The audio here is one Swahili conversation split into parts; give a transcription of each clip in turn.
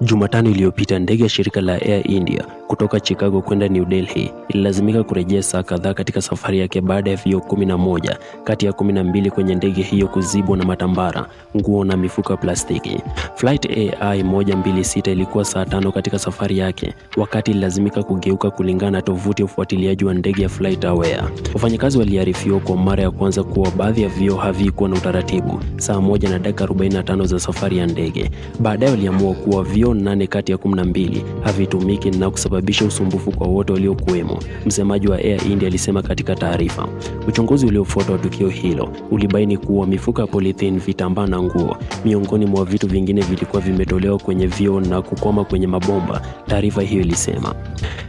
Jumatano iliyopita ndege ya shirika la Air India kutoka Chicago kwenda New Delhi ililazimika kurejea saa kadhaa katika safari yake baada ya vioo 11 kati ya 12 kwenye ndege hiyo kuzibwa na matambara, nguo na mifuko ya plastiki. Flight AI 126 ilikuwa saa tano katika safari yake, wakati ililazimika kugeuka, kulingana na tovuti ya ufuatiliaji wa ndege ya FlightAware. Wafanyakazi waliarifiwa kwa mara ya kwanza kuwa baadhi ya vioo havikuwa na utaratibu saa moja na dakika 45 za safari ya ndege. Baadaye waliamua kuwa vioo milioni nane kati ya 12 havitumiki na kusababisha usumbufu kwa wote waliokuwemo, msemaji wa Air India alisema katika taarifa. Uchunguzi uliofuata wa tukio hilo ulibaini kuwa mifuko ya polythene, vitambaa na nguo miongoni mwa vitu vingine vilikuwa vimetolewa kwenye vyoo na kukwama kwenye mabomba, taarifa hiyo ilisema.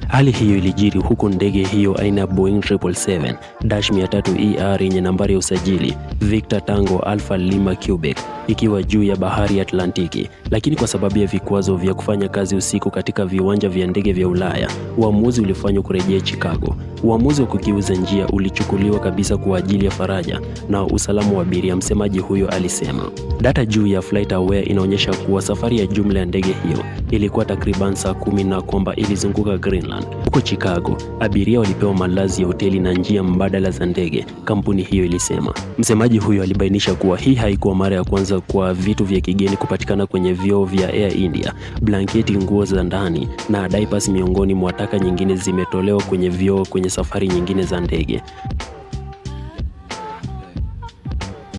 Hali hiyo ilijiri huku ndege hiyo aina ya Boeing 777 300 ER yenye nambari ya usajili Victor Tango Alpha Lima Quebec ikiwa juu ya bahari ya Atlantiki, lakini kwa sababu ya vikwazo vya kufanya kazi usiku katika viwanja vya ndege vya Ulaya, uamuzi ulifanywa kurejea Chicago. Uamuzi wa kukiuza njia ulichukuliwa kabisa kwa ajili ya faraja na usalama wa abiria, msemaji huyo alisema. Data juu ya FlightAware inaonyesha kuwa safari ya jumla ya ndege hiyo Ilikuwa takriban saa kumi na kwamba ilizunguka Greenland. Huko Chicago, abiria walipewa malazi ya hoteli na njia mbadala za ndege, kampuni hiyo ilisema. Msemaji huyo alibainisha kuwa hii haikuwa mara ya kwanza kwa vitu vya kigeni kupatikana kwenye vyoo vya Air India. Blanketi, nguo za ndani na diapers miongoni mwa taka nyingine zimetolewa kwenye vyoo kwenye safari nyingine za ndege.